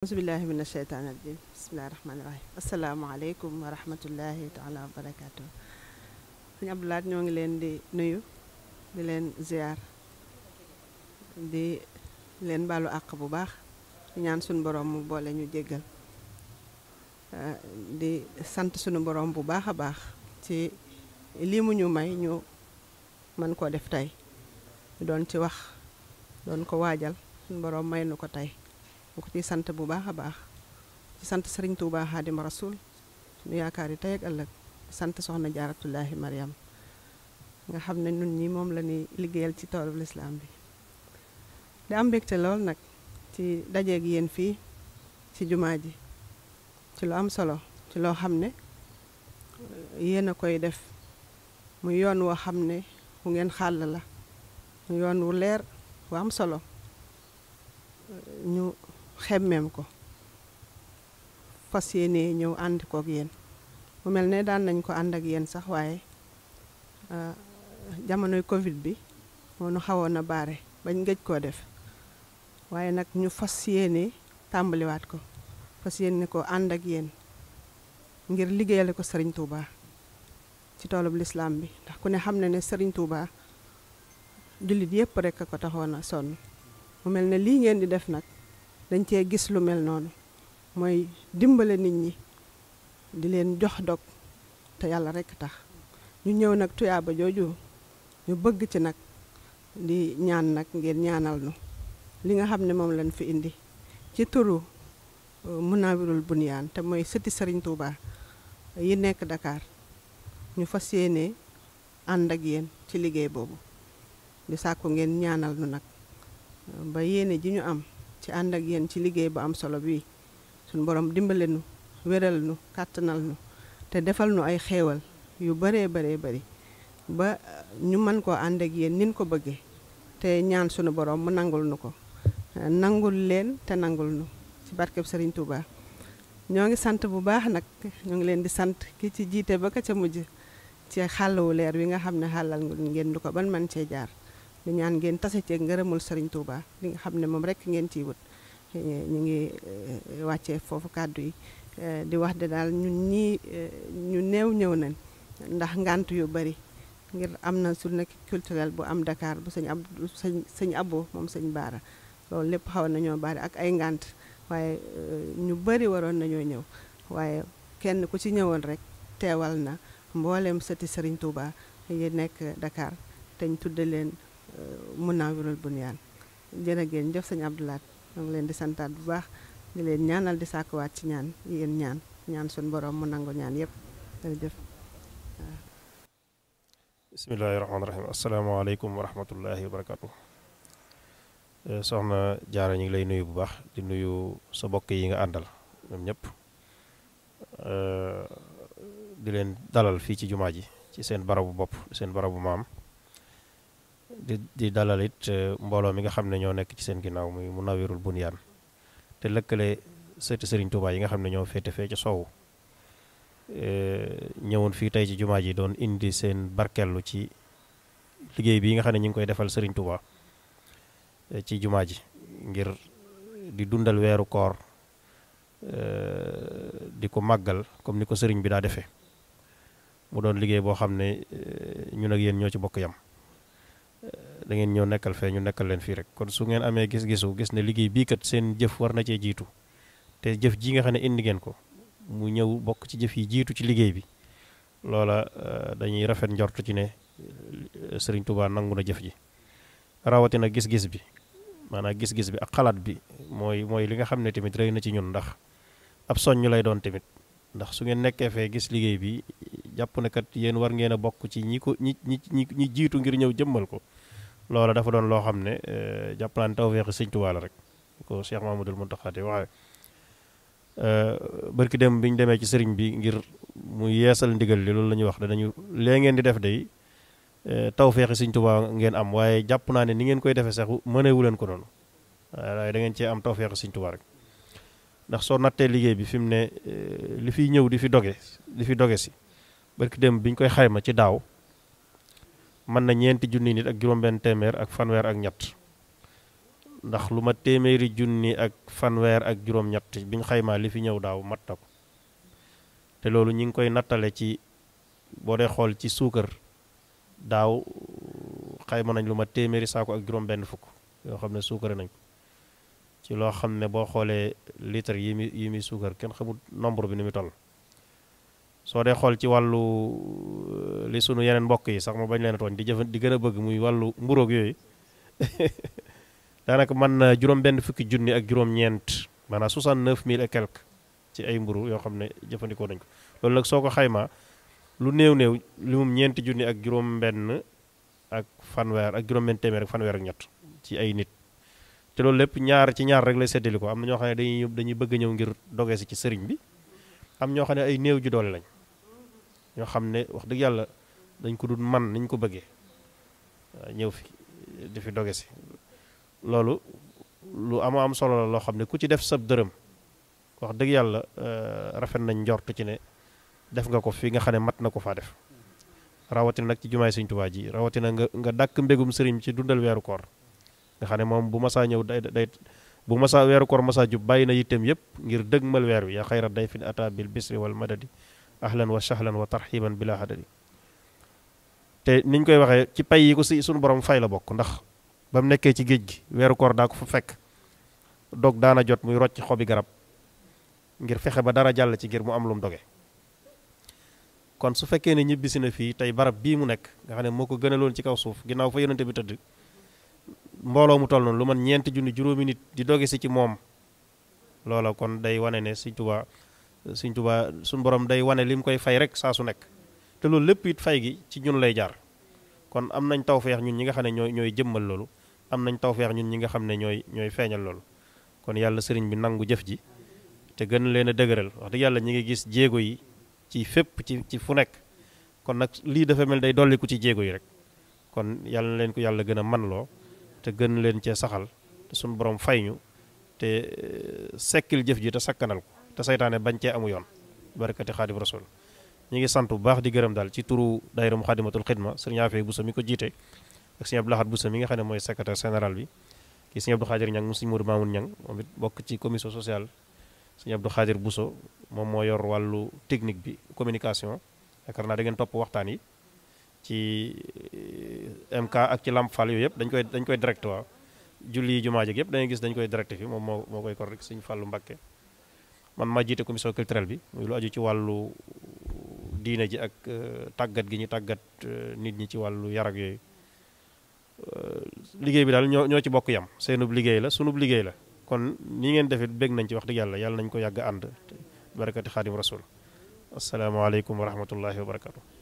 bismillahi min asheytaani rajim bismillahi rahmaani rahim asalaamaaleykum wa rahmatullahi taala wa barakaatu suñu ñoo ngi leen di nuyu di leen ziar di leen baalu àq bu baax di ñaan suñu borom mu boole ñu jéggal eh, di sant suñu boroom bu baax a baax ci lii mu ñu may ñu mën koo def tey doon ci wax doon ko waajal suñu borom may nu ko tey ko ciy sant bu baax a baax ci sant Serigne Touba Xaadimu Rasuul nu yaakaar yi tey ak ëllëg sant soxna jaaratullaahi Mariam nga xam ne nun ñi moom la ñuy liggéeyal ci toolu lislaam bi di am mbégte lool nag ci dajeeg yéen fii ci jumaa ji ci lu am solo ci loo xam ne eh, yéen a koy def mu yoon woo xam ne ku ngeen xàll la mu yoon wu leer wu am solo eh, ñu xemmeem ko fas yéene ñëw ànd kook yéen mu mel ne daan nañ ko ànd ak yéen sax waaye ah, jamonoy Covid bi moo nu xawoon a baare bañ gëj koo def waaye nag ñu fas yéene tàmbaliwaat ko fas yéene ko ànd ak yéen ngir liggéeyale ko Serigne Touba ci toolub lislaam bi ndax ku ne xam na ne Serigne Touba jullit yépp rekk a ko taxoon a sonn mu mel ne lii ngeen di def nag. dañ cee gis lu mel noonu mooy dimbale nit ñi di leen jox dog te yàlla rekk tax ñu ñëw nag tuyaaba jooju ñu bëgg ci nag di ñaan nag ngeen ñaanal nu li nga xam ne moom lañ fi indi ci turu uh, Munawirul Bunyaan te mooy sëti Sëriñ Tuuba yi nekk ndakaar ñu fas yéene ànd ak yéen ci liggéey boobu di sàkku ngeen ñaanal nu nag ba yéene ji ñu am ci ànd ak yéen ci liggéey bu am solo bii suñu borom dimbale nu wéral nu kàttanal nu te defal nu ay xéewal yu baree baree bari ba ñu mën koo ànd ak yéen nin ko bëggee te ñaan sunu borom mu nangul nu ko nangul leen te nangul nu ci barkeb Serigne Touba. ñoo ngi sant bu baax nag ñoo ngi leen di sant ki ci jiite ba ka ca mujj ci xàllawu leer wi nga xam ne xàllal ngeen du ko ban man cee jaar. di ñaan ngeen tase ceeg ngërëmul sëriñ li nga xam ne moom rek ngeen ciy wut ñu ngi eh, wàccee foofu kàddu yi eh, di wax de daal ñun ñii eh, ñu néew ñëw nañ ndax ngànt yu bari ngir am na journée culturel bu am Dakar bu sëñ ab sëñ sëñ Abo moom sañ Baara loolu lépp xaw nañoo bari ak ay ngant waaye ñu bari waroon nañoo ñëw waaye kenn ku ci ñëwoon rek teewal na mbooleem sëti sëriñ Touba yi nekk Dakar te ñu tudde leen mun naa wiral bunyaan jërë ngeen jëf sëñ Abdoulaat ma leen di santaat bu baax di leen ñaanal di sàkkuwaat ci ñaan yéen ñaan ñaan suñu borom mu nangu ñaan yëpp jërëjëf bismillaahi rahmaani rahiim asalaamaaleykum wa eh, soxna jaara ñu ngi lay nuyu bu baax di nuyu sa bokk yi nga àndal ñoom ñëpp eh, di leen dalal fii ci jumaa ji ci seen barabu bopp seen barabu maam di di dalal it eh, mbooloo mi nga xam ne ñoo nekk ci seen ginnaaw muy Munawwirul Bunyaan te lëkkale sëti Serigne Touba yi nga xam ne ñoo féete fee ci sowu eh, ñëwoon fii tey ci jumaa ji doon indi seen barkellu ci liggéey bi nga xam ne ñu ngi koy defal Serigne Touba eh, ci jumaa ji ngir di dundal weeru koor di ko màggal comme ni ko sëriñ bi daa defee mu doon liggéey boo xam ne ñun ak yéen ñoo ci bokk yam dangeen ngeen ñëw nekkal fee ñu nekkal leen fii rek kon su ngeen amee gis-gisu gis ne liggéey bii kat seen jëf war na cee jiitu te jëf ji nga xam ne indi ngeen ko mu ñëw bokk ci jëf yi jiitu ci liggéey bi loola euh, dañuy rafet njortu ci ne euh, Sëriñ nangu na jëf ji rawatina gis-gis bi maanaam gis-gis bi ak xalaat bi mooy mooy li nga xam ne tamit rëy na ci ñun ndax ab soññ lay doon tamit ndax su ngeen nekkee fee gis liggéey bi jàpp ne kat yéen war ngeen a bokk ci ñi ko ñi ñi ñi jiitu ngir ñëw jëmmal ko loola dafa doon loo xam ne euh, jàpp naa ne tawféexi Sëñ Tuubaa la rek ko Cheikh Mamadou Mountakha di waxee euh, barki dem bi ñu demee ci sëriñ bi ngir mu yeesal ndigal li loolu la ñuy wax danañu lee ngeen di def day euh, tawféexi Sëñ Tuubaa ngeen am waaye jàpp naa ne ni ngeen koy defee sax mëneewu leen ko noonu waaye da ngeen am tawféexi Sëñ Tuubaa rek ndax soo nattee liggéey bi fi mu ne li fiy ñëw di fi doge di fi doge si barki dem bi ñu koy xayma ci daaw mën na ñeenti junni nit ak juróom-benn téeméer ak fanweer ak ñett ndax lu ma téeméeri junni ak fanweer ak juróom-ñett bi ñu xaymaa li fi ñëw daaw mat ko te loolu ñu ngi koy nattale ci boo dee xool ci suukar daaw xayma nañ lu ma téeméeri saako ak juróom-benn fukk yoo xam ne suukare nañ ci loo xam ne boo xoolee litre yi muy yi suukar kenn xamul nombre bi nu mu toll soo dee xool ci wàllu li sunu yeneen mbokk yi sax ma bañ leen a tooñ di jëfan di gën a bëgg muy wàllu mburoog yooyu daanaka man na juróom benn fukki junni ak juróom-ñeent maanaam 69000 et quelque ci ay mburu yoo xam ne jëfandikoo nañ ko loolu nag soo ko xayma lu néew néew li mum ñeenti junni ak juróom-benn ak fanweer ak juróom-benn téeméer ak fanweer ak ñett ci ay nit te loolu lépp ñaar ci ñaar rek lay seddali ko am na ñoo xam ne dañuy dañuy bëgg ñëw ngir dogee si ci sëriñ bi am ñoo xam ne ay néew ju doole lañ dañ ko dul man niñ ko bëggee ñëw fi di fi doge si loolu lu am am solo la loo xam ne ku ci def sab dërëm wax dëgg yàlla euh, rafet nañ njortu ci ne def nga ko fii nga xam ne mat na ko faa def rawatina nag ci jumaay Sëriñ Tuubaa ji rawatina nga nga dàkk mbégum sëriñ ci dundal weeru koor nga xam ne moom bu masaa ñëw day day bu masaa weeru koor masaa jub bàyyi na yitteem yépp ngir mal weer wi yaa xayra day fin ata bil bisri wal madadi ahlan wa sahlan wa tarxiban bila hadadi te niñ koy waxee ci pay yi ko si suñu borom fay la bokk ndax ba mu nekkee ci géej gi weeru koor daa ko fa fekk dog daana jot muy rocc xobi garab ngir fexe ba dara jàll ci ngir mu am lu mu doge kon su fekkee ne ñibbisi na fii tey barab bii mu nekk nga xam ne moo ko gënaloon ci kaw suuf ginnaaw fa yonente bi tëdd mbooloo mu toll lu man ñeenti junni juróomi nit di doge si ci moom loola kon day wane ne Sëñ Tuubaa Sëñ Tuubaa suñu borom day wane li mu koy fay rek saa su nekk te loolu lépp it fay gi ci ñun lay jaar kon am nañ tawfeex ñun ñi nga xam ne ñooy ñooy jëmmal loolu am nañ tawfeex ñun ñi nga xam ne ñooy feeñal loolu kon yàlla sëriñ bi nangu jëf ji te gën leen a dëgëral wax dëgg yàlla ñi ngi gis jéego yi ci fépp ci ci fu nekk kon nag lii dafa mel day dolliku ci jéego yi rek kon yàlla leen ko yàlla gën a man te gën leen cee saxal te suñu borom fay ñu te eh, sekkil jëf ji te sakkanal ko te seytaane bañ cee amu yoon barkati xaadim rasul ñu ngi sant bu baax di gërëm daal ci turu daayira Muxaddamatul Xidma sëriñ Afee Buso mi ko jiite ak sëriñ Abdou Lahad Buso mi nga xam ne mooy secrétaire général bi kii sëriñ Abdou Xaadir Ñang mu sëriñ Moodu Maamun Ñang moom it bokk ci commission sociale sëriñ Abdou Xaadir Buso moom moo yor wàllu technique bi communication yaakaar naa da ngeen topp waxtaan yi ci eh, MK ak ci Lamp Fall yooyu yëpp dañ koy dañ koy direct waaw julli yi jumaa jeg yëpp dañuy gis dañ koy direct fi moom moo moo koy kor rek sëriñ Fàllu Mbàkke man maa jiite commission culturelle bi diine ji ak euh, tàggat gi ñu tàggat euh, nit ñi ci wàllu yar ak yooyu euh, liggéey bi daal ñoo ñoo ci bokk yam seenub liggéey la sunub liggéey la kon ni ngeen defit bég nañ ci wax dëgg yàlla yàlla nañ ko yàgg ànd barakati xaadim rasul asalaamaaleykum wa rahmatullahi wa barakatu